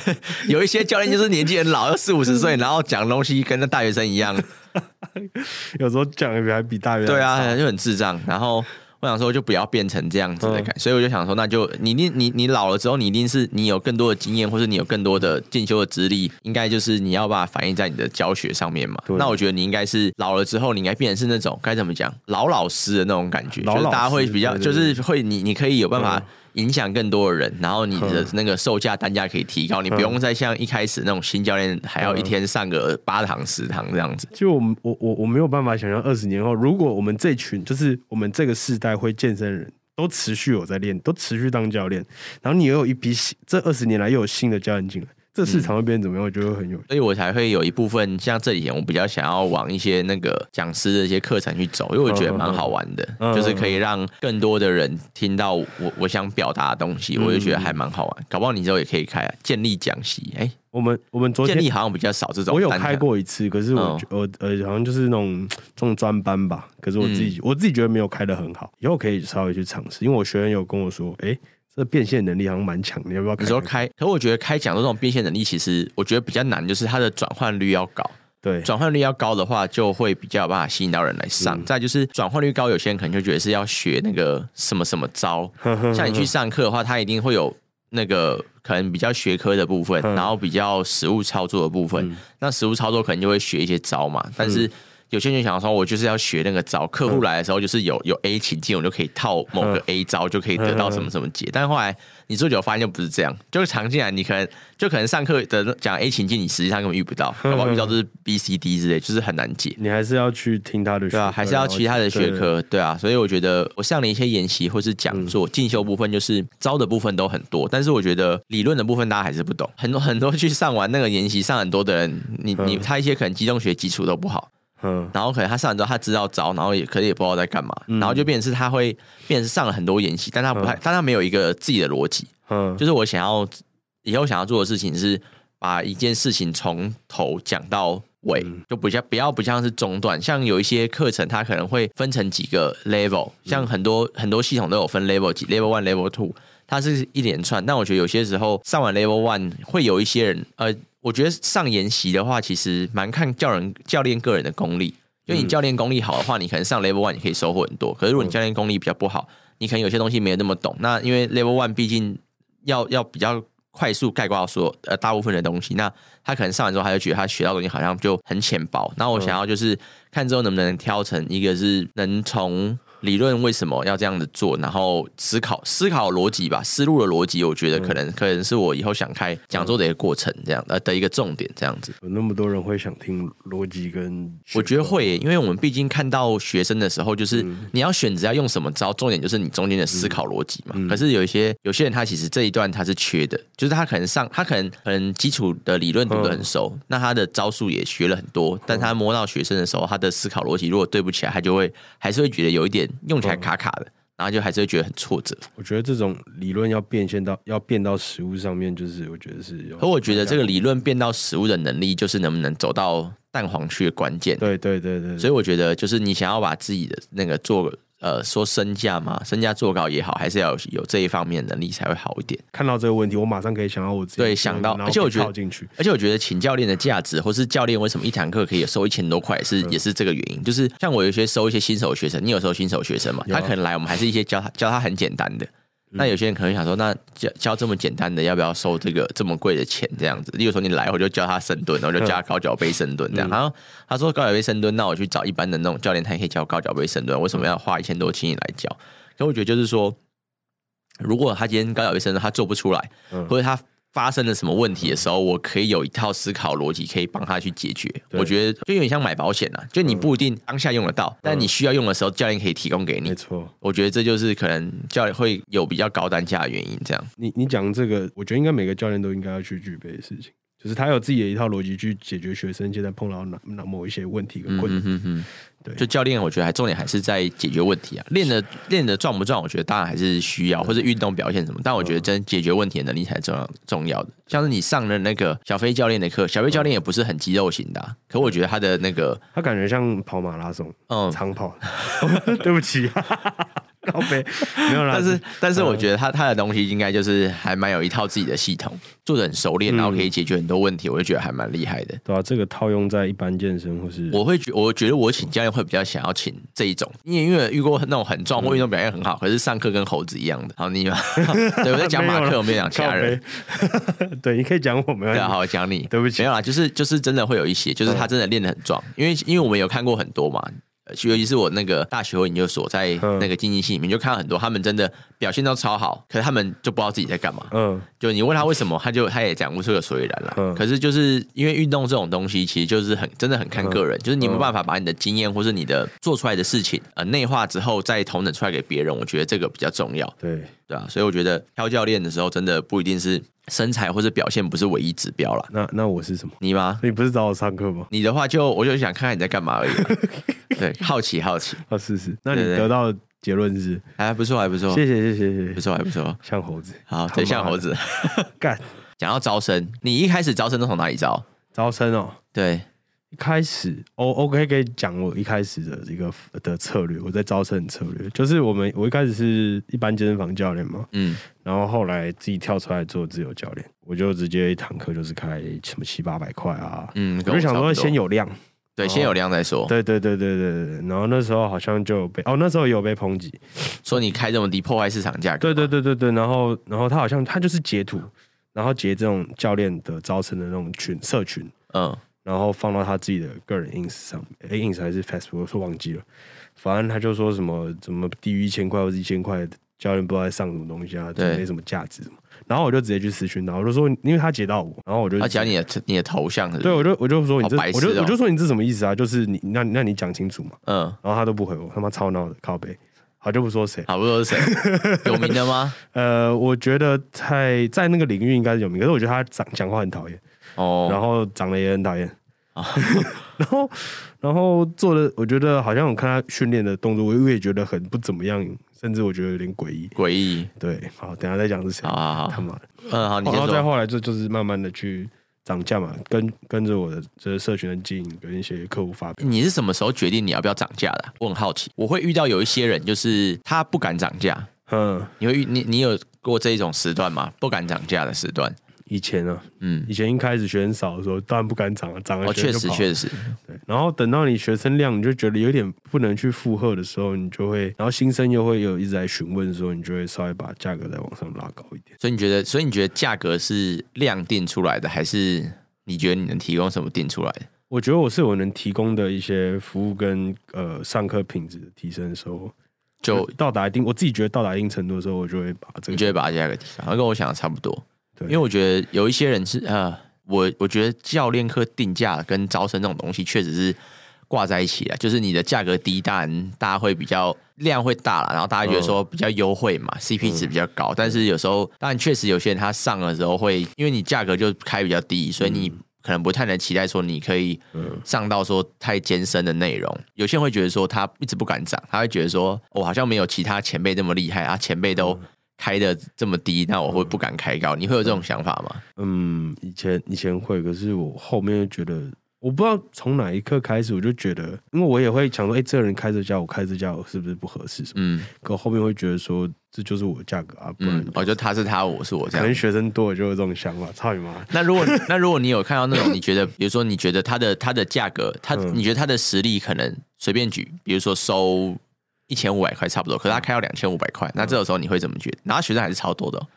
有一些教練就是年紀很老，要四五十歲， 然後講東西跟那大學生一樣， 有時候講的比還比大學生，對啊，就很智障。然後。我想說，就不要變成這樣子的感覺，嗯、所以我就想說，那就你你你你老了之後，你一定是你有更多的經驗，或是你有更多的進修的資歷，應該就是你要把它反映在你的教學上面嘛。那我覺得你應該是老了之後，你應該變成是那種，該怎麼講，老老師的那種感覺，老老師就是大家會比較，對對就是會你你可以有辦法、嗯。影響更多的人，然後你的那個售價單價可以提高，嗯，你不用再像一開始那種新教練還要一天上個八堂十堂這樣子，嗯。嗯，就我們我我我沒有辦法想象二十年後，如果我們這群就是我們這個世代會健身的人都持續有在練，都持續當教練，然後你又有一批新這二十年來又有新的教練進來。這市場會變得怎麼樣、嗯？我覺得很有，所以我才會有一部分像這幾年，我比較想要往一些那個講師的一些課程去走，因為我覺得蠻好玩的，嗯、就是可以讓更多的人聽到我我想表達的東西、嗯，我就覺得還蠻好玩。搞不好你之後也可以開、啊、建立講習哎，我們我們建立好像比較少這種感，我有開過一次，可是我、嗯、我呃好像就是那種中專班吧，可是我自己、嗯、我自己覺得沒有開得很好，以後可以稍微去嘗試，因為我學員有跟我說，哎。這變現能力好像蠻強的，你要不要？你說開，可是我覺得開講的這種變現能力，其實我覺得比較難，就是它的轉換率要高。對，轉換率要高的話，就會比較有辦法吸引到人來上。嗯、再就是轉換率高，有些人可能就覺得是要學那個什麼什麼招。呵呵呵像你去上課的話，它一定會有那個可能比較學科的部分，然後比較實務操作的部分、嗯。那實務操作可能就會學一些招嘛，但是。嗯有些人想說，我就是要學那個招，客戶來的時候就是有有 A 情境，我就可以套某個 A 招，就可以得到什麼什麼解。但是後來你做久了發現又不是這樣，就是常見，你可能就可能上課的講 A 情境，你實際上根本遇不到，搞不好遇到就是 B、C、D 之類，就是很難解。你還是要去聽他的學科。對啊，還是要其他的學科對啊。所以我覺得我上了一些研習或是講座進修部分，就是招的部分都很多，但是我覺得理論的部分大家還是不懂。很多很多去上完那個研習上很多的人，你你他一些可能機動學基礎都不好。嗯，然後可能他上完之後他知道着然後也可能也不知道在幹嘛、嗯，然後就變成是他會變成上了很多演習但他不太、嗯，但他沒有一個自己的邏輯。嗯，就是我想要以後想要做的事情是把一件事情從頭講到尾，嗯、就不像不要不像是中斷，像有一些課程它可能會分成幾個 level，像很多、嗯、很多系統都有分 level，幾 level one level two，它是一連串。但我覺得有些時候上完 level one，會有一些人呃。我覺得上研習的話，其實蠻看教人教練個人的功力。因為你教練功力好的話，你可能上 Level One 也可以收穫很多。可是如果你教練功力比較不好，你可能有些東西沒有那麼懂。那因為 Level One 畢竟要要比較快速概括說，呃，大部分的東西，那他可能上完之後，他就覺得他學到的東西好像就很淺薄。那我想要就是看之後能不能挑成一個，是能從。理論為什麼要這樣子做？然後思考思考邏輯吧，思路的邏輯，我覺得可能、嗯、可能是我以後想開講座的一個過程，這樣的、嗯呃，的一個重點，這樣子。有那麼多人會想聽邏輯跟？我覺得會、欸，因為我們畢竟看到學生的時候，就是、嗯、你要選擇要用什麼招，重點就是你中間的思考邏輯嘛、嗯嗯。可是有一些有些人他其實這一段他是缺的，就是他可能上他可能很基礎的理論讀得很熟，嗯、那他的招數也學了很多、嗯，但他摸到學生的時候，他的思考邏輯如果對不起來，他就會還是會覺得有一點。用起來卡卡的，哦，然後就還是會覺得很挫折。我覺得這種理論要變現到要變到實物上面，就是我覺得是有覺。有。可我覺得這個理論變到實物的能力，就是能不能走到蛋黃去的關鍵。對對對對，對。所以我覺得，就是你想要把自己的那個做。呃，說身價嘛，身價做高也好，還是要有，有這一方面能力才會好一點。看到這個問題，我馬上可以想到我自己，對，想到，然後而且我覺得而且我覺得請教練的價值， 或是教練為什麼一堂課可以收一千多塊是，是 也是這個原因，就是像我有些收一些新手學生，你有收新手學生嘛，他可能來，我們還是一些教他 教他很簡單的。那有些人可能想說，那教教這麼簡單的，要不要收這個這麼貴的錢？這樣子，例如說你來，我就教他深蹲，然後就教他高腳杯深蹲這樣。然 後、嗯、他，他說高腳杯深蹲，那我去找一般的那種教練，他也可以教高腳杯深蹲，為什麼要花一千多請你來教？可我覺得就是說，如果他今天高腳杯深蹲他做不出來，嗯、或者他。發生了什麼問題的時候，我可以有一套思考邏輯可以幫他去解決。我覺得就有點像買保險啊、嗯，就你不一定當下用得到，嗯、但你需要用的時候，教練可以提供給你。沒錯，我覺得這就是可能教練會有比較高單價的原因。這樣，你你講這個，我覺得應該每個教練都應該要去具備的事情。就是他有自己的一套邏輯去解決學生現在碰到哪哪某一些問題的困境，嗯。對，就教練，我覺得還重點還是在解決問題啊。練的練的壯不壯？我覺得當然還是需要，嗯，或是運動表現什麼。但我覺得真解決問題的能力才重要重要的。像是你上了那個小飛教練的課，小飛教練也不是很肌肉型的，啊嗯，可我覺得他的那個，他感覺像跑馬拉松，嗯，長跑。 對不起。 高飛，沒有啦。 但是，但是我覺得他他的東西應該就是還蠻有一套自己的系統，做得很熟練、嗯，然後可以解決很多問題，我就覺得還蠻厲害的。對啊，這個套用在一般健身或是……我會覺我覺得我請教練會比較想要請這一種，因為因為遇過那種很壯或運動表現很好，嗯、可是上課跟猴子一樣的，好你嗎？ 對，我在講馬克， 沒我沒有講其他人。 對，你可以講我們。要好，我講你。對不起，沒有啦，就是就是真的會有一些，就是他真的練得很壯、嗯，因為因為我們有看過很多嘛。尤其是我那個大學研究所，在那個經濟系裡面，就看到很多、嗯，他們真的表現都超好，可是他們就不知道自己在幹嘛。嗯，就你問他為什麼，他就他也講不出個所以然來。嗯，可是就是因為運動這種東西，其實就是很真的很看個人，嗯、就是你沒有辦法把你的經驗或是你的做出來的事情呃內化之後再同等出來給別人，我覺得這個比較重要。對，對啊，所以我覺得挑教練的時候，真的不一定是。身材或者表現不是唯一指標了。那那我是什麼？你嗎？你不是找我上課嗎？你的話就我就想看看你在幹嘛而已嘛。 對，好奇好奇，那試試。那你得到的結論是？哎、啊，不錯，還不錯。謝謝，謝謝，謝謝。不錯，還不錯，像猴子，好，對，像猴子。幹，講 到招生，你一開始招生都從哪裡招？招生哦，對。一開始，哦，OK 可以講我一開始的一個的策略，我在招生的策略，就是我們我一開始是一般健身房教練嘛，嗯，然後後來自己跳出來做自由教練，我就直接一堂課就是開什麼七八百塊啊，嗯，我就想說先有量，對，先有量再說，對對對對對對，然後那時候好像就有被哦，那時候有被抨擊，說你開這麼低破壞市場價格，對對對對對，然後然後他好像他就是截圖，然後截這種教練的招生的那種群社群，嗯。然後放到他自己的個人 ins 上面，哎、欸、，ins 還是 Facebook，我說忘記了。反正他就說什麼怎麼低於一千塊或者一千塊，教練不知道在上什麼東西啊,就沒什麼價值什麼。然後我就直接去私訊他，然後我就說，因為他截到我，然後我就他講你的你的頭像是是，對我就我就說你這，哦、我就我就說你這什麼意思啊？就是你那那你講清楚嘛。嗯。然後他都不回我，他媽超鬧的，靠北。好就不說誰，好不說誰。有名的嗎？ 呃，我覺得太，在那個領域應該是有名，可是我覺得他講講話很討厭。哦，然後長得也很討厭，哦， 然後然後做的，我覺得好像我看他訓練的動作，我也覺得很不怎麼樣，甚至我覺得有點詭異，詭異。對，好，等一下再講是什麼啊？好好好他媽的，嗯，好，然後再後來就，就就是慢慢的去漲價嘛，跟跟着我的這、就是、社群的經營，跟一些客戶發表。你是什麼時候決定你要不要漲價的？我很好奇，我會遇到有一些人，就是他不敢漲價，嗯你遇，你會你你有過這一種時段嗎？不敢漲價的時段。以前啊，嗯，以前一開始學生少的時候，當然不敢漲，啊漲了學生就跑，哦，確實，確實，對。然後等到你學生量，你就覺得有點不能去負荷的時候，你就會，然後新生又會有一直在詢問的時候，你就會稍微把價格再往上拉高一點。所以你覺得，所以你覺得價格是量定出來的，還是你覺得你能提供什麼定出來的？我覺得我是我能提供的一些服務跟呃上課品質的提升的時候，就，就到達一定，我自己覺得到達一定程度的時候，我就會把這個，就會把它價格提上來，好像跟我想的差不多。因為我覺得有一些人是呃、啊，我我覺得教練課定價跟招生這種東西確實是掛在一起的，就是你的價格低，當然大家會比較量會大了，然後大家覺得說比較優惠嘛、嗯、，CP 值比較高，但是有時候，當然確實有些人他上的時候會，因為你價格就開比較低，所以你可能不太能期待說你可以上到說太艱深的內容。有些人會覺得說他一直不敢漲，他會覺得說，我、哦、好像沒有其他前輩那麼厲害啊，前輩都。開的這麼低，那我會不敢開高、嗯。你會有這種想法嗎？嗯，以前以前會，可是我後面覺得，我不知道從哪一刻開始，我就覺得，因為我也會想說，哎、欸，這個人開這價，我開這價，我是不是不合適？嗯，可後面會覺得說，這就是我的價格啊，不能。我、嗯哦、就他是他，我是我，這樣。可能學生多，我就有這種想法。操你媽！那如果 那如果你有看到那種，你覺得，比如說，你覺得他的他的價格，他、嗯、你覺得他的實力，可能隨便舉，比如說收。一千五百塊差不多，可是他開到兩千五百塊，那這個時候你會怎麼覺得？然後學生還是超多的、喔，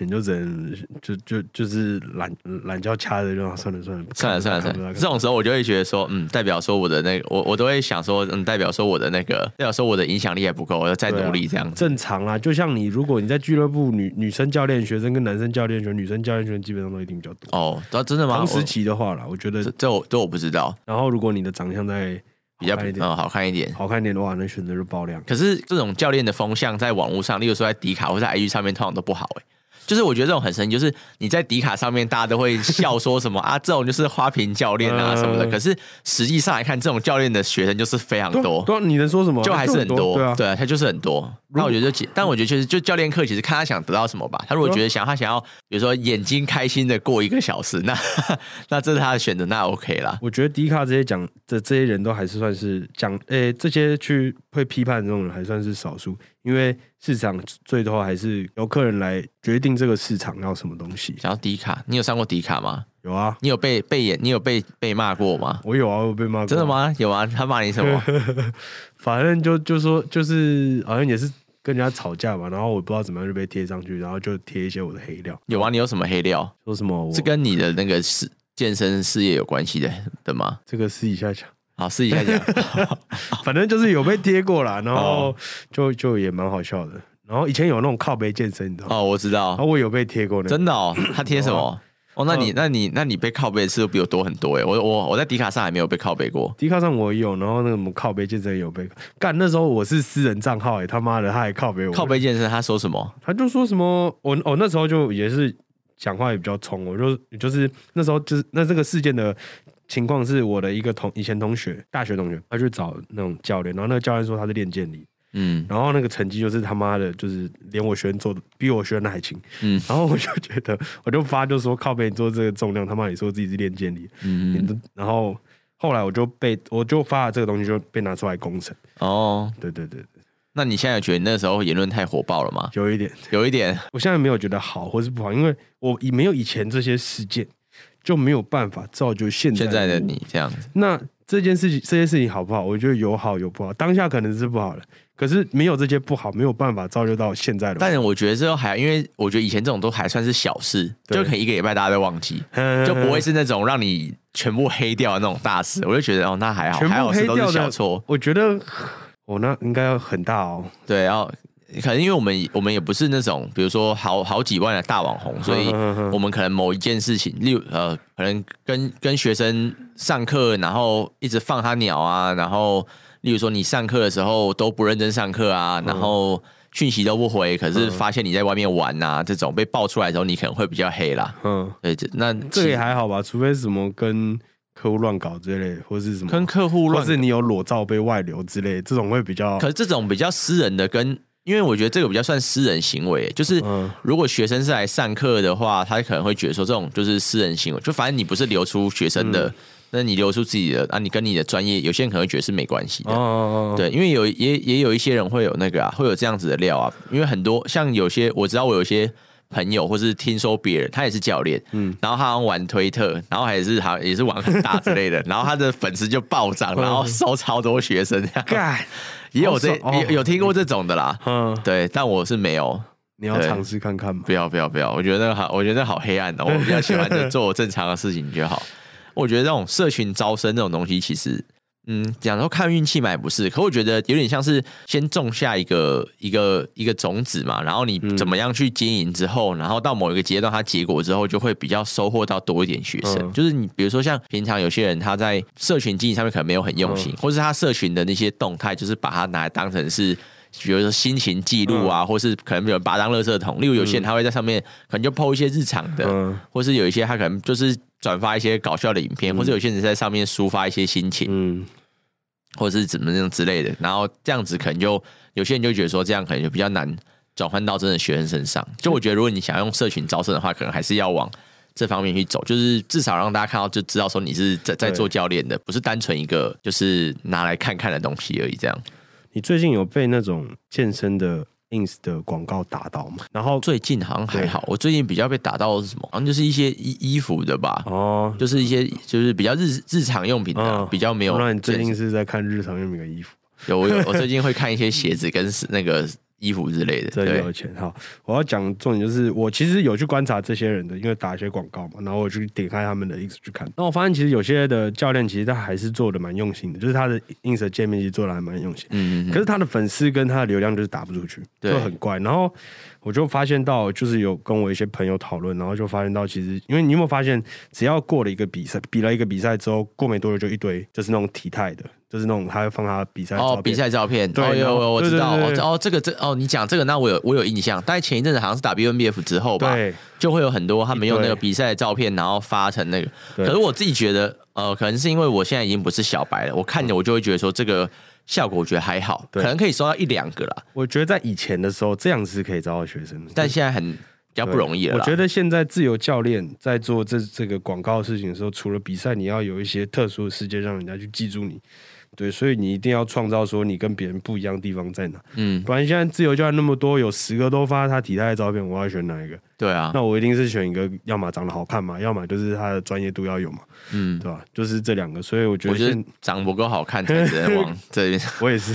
你就只能就就就,就是懶懶教掐的。就算了算了算了算了算了,算了。這種時候我就會覺得說，嗯，代表說我的那個，我我都會想說，嗯，代表說我的那個，代表說我的影響力還不夠，我要再努力這樣、啊。正常啊，就像你，如果你在俱樂部，女女生教練學生跟男生教練學生，女生教練學生基本上都一定比較多哦。這真的嗎？同時期的話啦，我,我覺得這,這我這我不知道。然後如果你的長相在。比較好看一點，好看一點的話，那選擇是爆量。可是這種教練的風向在網路上，例如說在迪卡或者在 IG 上面，通常都不好，欸就是我覺得這種很神奇，就是你在迪卡上面，大家都會笑說什麼 啊？這種就是花瓶教練啊什麼的。嗯、可是實際上來看，這種教練的學生就是非常多。啊、你能說什麼？就還是很多。很多對啊，對啊，他就是很多。那我覺得，但我覺得其、就、實、是、就教練課，其實看他想得到什麼吧。他如果覺得想他想要，比如說眼睛開心的過一個小時，那 那這是他的選擇，那 OK 啦，我覺得迪卡這些講的這些人都還是算是講誒、欸，這些去會批判的這種人還算是少數。因為市場最後，還是由客人來決定，這個市場要什麼東西。想要迪卡，你有上過迪卡嗎？有啊。你有被被演，你有被被罵過嗎？我有啊，我被罵過、啊。真的嗎？有啊。他罵你什麼？ 反正就就說就是好像也是跟人家吵架嘛。然後我不知道怎麼樣就被貼上去，然後就貼一些我的黑料。有啊，你有什麼黑料？說什麼？是跟你的那個事健身事業有關係的對嗎？這個私底下試 一下， 反正就是有被貼過了，然後就就也蠻好笑的。然後以前有那種靠北健身，你知道嗎？哦，我知道，我有被貼過、那個。真的哦，他貼什麼 哦？哦，那你、哦、那你那你，那你被靠北次數比我多很多哎、欸！我我我在迪卡上也沒有被靠北過，迪卡上我有，然後那個什麼靠北健身也有被幹。那時候我是私人賬號哎、欸，他媽的他還靠北我靠北健身，他說什麼？他就說什麼我哦那時候就也是講話也比較衝，我就就是那時候就是那這個事件的。情況是我的一個同以前同學，大學同學，他去找那種教練，然後那個教練說他是練健力。嗯，然後那個成績就是他媽的，就是連我學員做的比我學員還輕，嗯，然後我就覺得，我就發就說靠北做這個重量，他媽也說自己是練健力。嗯，然後後來我就被我就發了這個東西就被拿出來工程。哦，對對對對，那你現在覺得那時候言論太火爆了嗎？有一點，有一點，我現在沒有覺得好或是不好，因為我以沒有以前這些事件。就沒有辦法造就現在，現在的你這樣子。那這件事情，這件事情好不好？我覺得有好有不好。當下可能是不好了，可是沒有這些不好，沒有辦法造就到現在的。但我覺得這還因為我覺得以前這種都還算是小事，就可能一個禮拜大家都忘記呵呵，就不會是那種讓你全部黑掉的那種大事。我就覺得哦，那還好，全部黑掉的，還好是都是小錯，我覺得我、哦、那應該要很大哦。對，然後、哦。可能因為我們我們也不是那種比如說好好幾萬的大網紅，所以我們可能某一件事情，例如呃，可能跟跟學生上課，然後一直放他鳥啊，然後例如說你上課的時候都不認真上課啊，然後訊息都不回，可是發現你在外面玩啊，這種被爆出來的時候，你可能會比較黑啦。嗯，對，那這也還好吧，除非什麼跟客戶亂搞之類，或是什麼跟客戶亂搞，或是你有裸照被外流之類，這種會比較。可是這種比較私人的跟。因為我覺得這個比較算私人行為，欸，就是如果學生是來上課的話，他可能會覺得說這種就是私人行為，就反正你不是留出學生的，那、嗯、你留出自己的啊，你跟你的專業，有些人可能會覺得是沒關係的哦哦哦哦哦。對，因為有也也有一些人會有那個啊，會有這樣子的料啊，因為很多像有些我知道，我有些朋友或是聽說別人他也是教練，嗯，然後他玩推特，然後還是他也是玩很大之類的， 然後他的粉絲就暴漲，然後收超多學生。嗯，這樣。God 也有這有、哦哦、有聽過這種的啦，嗯，嗯，對，但我是沒有，你要嘗試看看嗎？不要不要不要，我覺得那個好，我覺得那好黑暗的、喔，我比較喜歡做做正常的事情就好。 我覺得這種社群招生這種東西，其實。嗯，講說看運氣嘛，也不是，可我覺得有點像是先種下一個一個一個種子嘛，然後你怎麼樣去經營之後，嗯、然後到某一個階段它結果之後，就會比較收穫到多一點學生、嗯。就是你比如說像平常有些人他在社群經營上面可能沒有很用心，嗯、或是他社群的那些動態，就是把它拿來當成是。比如說心情記錄啊，或是可能比如把當垃圾桶，例如有些人他會在上面可能就 po 一些日常的，嗯，或是有一些他可能就是轉發一些搞笑的影片，嗯，或是有些人在上面抒發一些心情，嗯，或是怎麼樣之類的。然後這樣子可能就有些人就覺得說這樣可能就比較難轉換到真的學生身上。就我覺得如果你想用社群招生的話，可能還是要往這方面去走，就是至少讓大家看到就知道說你是在在做教練的，不是單純一個就是拿來看看的東西而已這樣。你最近有被那種健身的 ins 的廣告打到嗎？然後最近好像還好，我最近比較被打到的是什麼？好像就是一些衣衣服的吧，哦，就是一些就是比較日日常用品的，哦，比較沒有。那你最近是在看日常用品的衣服？嗯嗯嗯。有，我有，我最近會看一些鞋子跟那個。 衣服之類的，所以有錢哈。我要講重點就是，我其實有去觀察這些人的，因為打一些廣告嘛，然後我去點開他們的 Ins 去看，那我發現其實有些的教練其實他還是做得蠻用心的，就是他的 Ins 界面其實做得還蠻用心，嗯，嗯，嗯，可是他的粉絲跟他的流量就是打不出去，對，就很怪。然後。我就發現到，就是有跟我一些朋友討論，然後就發現到，其實因為你有沒有發現，只要過了一個比賽，比了一個比賽之後，過沒多久就一堆，就是那種體態的，就是那種他放他比賽哦，比賽照片，對，有、哦哦、我知道，對對對對哦這個這哦，你講這個，那我有我有印象，大概前一陣子好像是打 BNBF 之後吧，就會有很多他們用那個比賽的照片，然後發成那個，可是我自己覺得，呃，可能是因為我現在已經不是小白了，我看着我就會覺得說這個。效果我覺得還好，對，可能可以收到一兩個啦。我覺得在以前的時候，這樣子是可以招到學生的，但現在很比較不容易了。我覺得現在自由教練在做這這個廣告的事情的時候，除了比賽，你要有一些特殊的世界讓人家去記住你，對，所以你一定要創造說你跟別人不一樣的地方在哪，嗯，不然現在自由教練那麼多，有十個都發他體態的照片，我要選哪一個？對啊，那我一定是選一個，要麼長得好看嘛，要麼就是他的專業度要有嘛。嗯，對吧？就是這兩個，所以我覺得我是長得不夠好看，才只能往這邊。 我也是，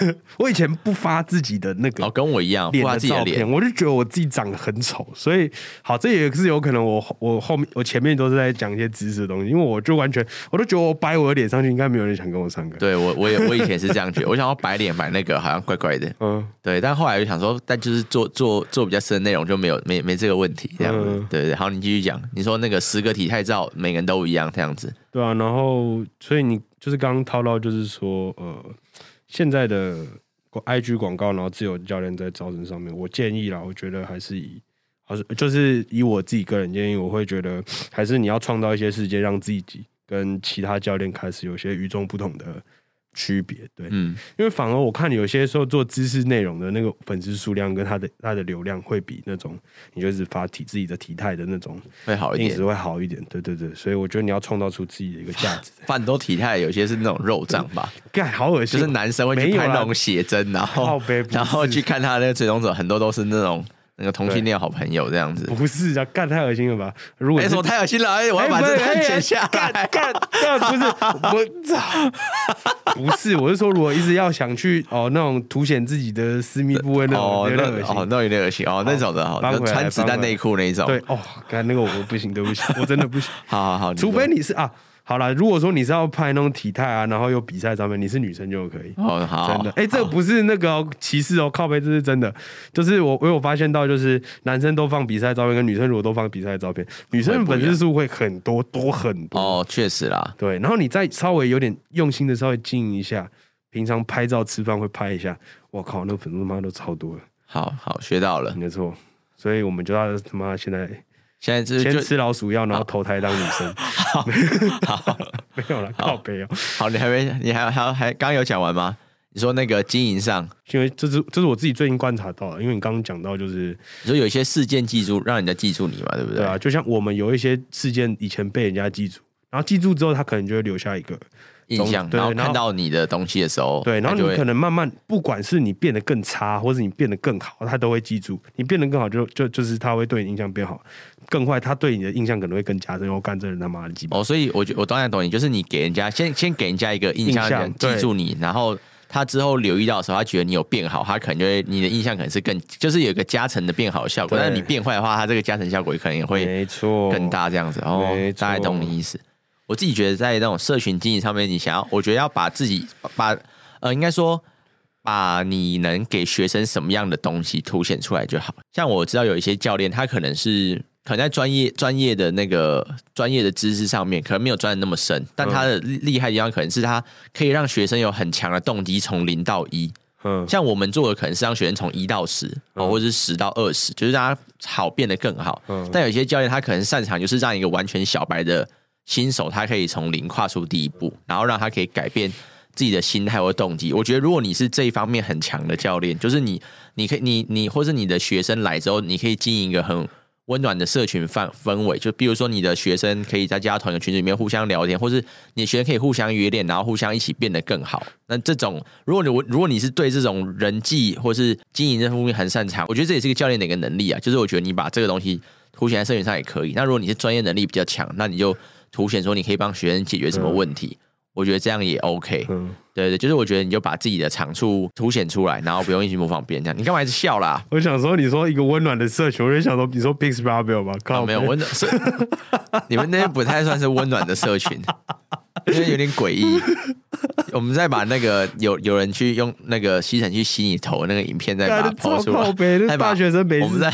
我以前不發自己的那個的，哦，跟我一樣，不發自己的臉，我就覺得我自己長得很醜。所以，好，這也是有可能我。我我後面，我前面都是在講一些知識的東西，因為我就完全，我都覺得我擺我的臉上去，應該沒有人想跟我唱歌。對我，我也我以前是這樣覺得， 我想要擺臉擺那個，好像怪怪的，嗯，對。但後來又想說，但就是做做做比較深的內容就沒有沒沒這個問題，這樣、嗯、對對。好，你繼續講，嗯、你說那個十個體態照，每個人都一樣。這樣這樣子，對啊，然後所以你就是剛剛套到，就是說，呃，現在的 IG 廣告，然後自由教練在招生上面，我建議啦，我覺得還是以，還是就是以我自己個人建議，我會覺得還是你要創造一些世界，讓自己跟其他教練開始有些與眾不同的。區別對，嗯，因為反而我看有些時候做知識內容的那個粉絲數量跟他的他的流量會比那種你就是發體自己的體態的那種會好一點，會好一點，對對對，所以我覺得你要創造出自己的一個價值。反正體態有些是那種肉脹吧，對幹，好噁心，就是男生會去拍那種寫真，然後然後去看他的追蹤者很多都是那種。那個同性戀好朋友這樣子，不是、啊，幹太噁心了吧？如果哎，我、欸、太噁心了，哎、欸，我要把這段剪下來。幹、欸、幹，不，欸、幹幹不是，我 不是，我是說，如果一直要想去哦，那種凸顯自己的私密部位那、哦，那種有點噁心，哦，那有點噁心，哦，那種的，好穿子彈內褲那一種，對，哦，幹那個我不行， 對不起，我真的不行。好好好，除非你是啊。好啦，如果說你是要拍那種體態啊，然後有比賽照，照片，你是女生就可以。哦，好。真的，哎、oh, 欸，oh, 這個不是那個歧視哦，oh. 靠北這是真的。就是我，我有發現到，就是男生都放比賽照片，跟女生如果都放比賽照片，女生粉絲數會很多，多很多。哦、oh,，確實啦，對。然後你再稍微有點用心的，稍微靜一下，平常拍照吃飯會拍一下。我靠，那粉絲媽都超多了。好好，學到了，沒錯。所以我們就要他媽現在。現在就是就先吃老鼠藥，然後投胎當女生。好， 好 沒有了，靠北哦。好，你還沒，你還有，還還剛有講完嗎？你說那個經營上，因為這是這是我自己最近觀察到的，因為你剛剛講到就是，你說有一些事件記住，讓人家記住你嘛，對不對？對啊，就像我們有一些事件以前被人家記住，然後記住之後，他可能就會留下一個印象，然後看到你的東西的時候，對，對，然後你可能慢慢，不管是你變得更差，或是你變得更好，他都會記住。你變得更好就，就就就是他會對你印象變好，更壞，他對你的印象可能會更加深。哦，幹這人他媽的雞巴。哦，所以我我當然懂你，就是你給人家先先給人家一個印象，印象記住你，然後他之後留意到的時候，他覺得你有變好，他可能就會你的印象可能是更，就是有一個加成的變好的效果。但是你變壞的話，他這個加成效果可能也會沒錯更大這樣子。哦，大概懂你意思。我自己覺得，在那種社群經營上面，你想要，我覺得要把自己把呃，應該說把你能給學生什麼樣的東西凸顯出來，就好。像我知道有一些教練，他可能是可能在專業專業的那個專業的知識上面，可能沒有鑽的那麼深，但他的厲害地方可能是他可以讓學生有很強的動機，從零到一。嗯，像我們做的可能是讓學生從一到十，嗯，或者是十到二十，就是讓他好變得更好。嗯，但有一些教練他可能擅長就是讓一個完全小白的。新手他可以從零跨出第一步，然後讓他可以改變自己的心態或動機。我覺得，如果你是這一方面很強的教練，就是你，你可以，你，你，或是你的學生來之後，你可以經營一個很溫暖的社群範氛圍。就比如說，你的學生可以在家團的群裡面互相聊天，或是你的學生可以互相約練，然後互相一起變得更好。那這種，如果你，如果你是對這種人際或是經營這方面很擅長，我覺得這也是一個教練的一個能力啊。就是我覺得你把這個東西凸顯在社群上也可以。那如果你是專業能力比較強，那你就。凸顯說你可以幫學生解決什麼問題，嗯、我覺得這樣也 OK、嗯。對，對對，就是我覺得你就把自己的長處凸顯出來，然後不用一直模仿別人這樣，你幹嘛一直笑啦？我想說，你說一個溫暖的社群，我也想說，你說 Pixar 吧，看，喔，到沒有，溫暖 。你們那邊不太算是溫暖的社群。 因為有點詭異， 我們再把那個有有人去用那個吸塵器吸你頭的那個影片再，再把它拋出來，再把我們再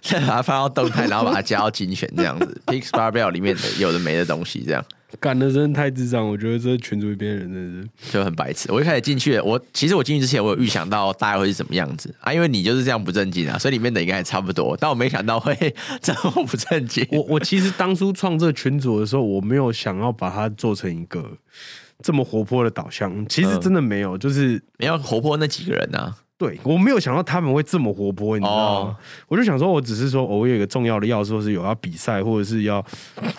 再把它放到動態，然後把它加到精選這樣子 ，Picks Barbell 裡面的有的沒的東西這樣。幹的真是太智障，我覺得這群組一邊的人真是就很白痴。我一開始進去了，我其實我進去之前我有預想到大概會是什麼樣子啊，因為你就是這樣不正經啊，所以裡面的應該還差不多。但我沒想到會這麼不正經。 我我其實當初創這群組的時候，我沒有想要把它做成一個這麼活潑的導向，其實真的沒有，嗯、就是沒有活潑那幾個人啊。對，我沒有想到他們會這麼活潑，你知道嗎？Oh. 我就想說，我只是說，我有一個重要的要素，是有要比賽，或者是要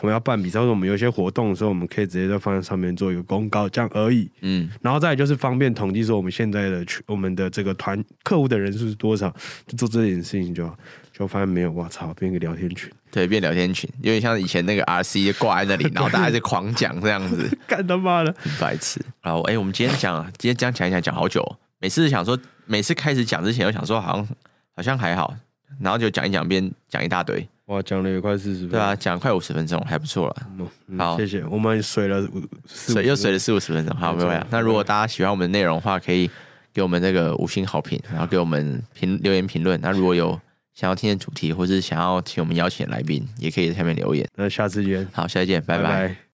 我們要辦比賽，或者我們有些活動的時候，我們可以直接在放在上面做一個公告，這樣而已。嗯，然後再就是方便統計，說我們現在的群，我們的這個團客戶的人數是多少，就做這件事情就好。就發現沒有，我操，變一個聊天群，對，變聊天群，有點像以前那個 R C 掛在那裡，然後大家就狂講這樣子，幹 他媽的，白痴。然後哎，我們今天講，今天講講講講好久哦，每次想說。每次開始講之前，我想說好像好像還好，然後就講一講，邊講一大堆。哇，講了也快四十分。對啊，講了快五十分鐘，還不錯了。嗯嗯。好，謝謝，我們水了五，水又水了四五十分鐘，好，沒有。那如果大家喜歡我們的內容的話，可以給我們這個五星好評，然後給我們評留言評論。那如果有想要聽的主題，或是想要請我們邀請的來賓，也可以在下面留言。那下次見，好，下次見，拜拜。拜拜。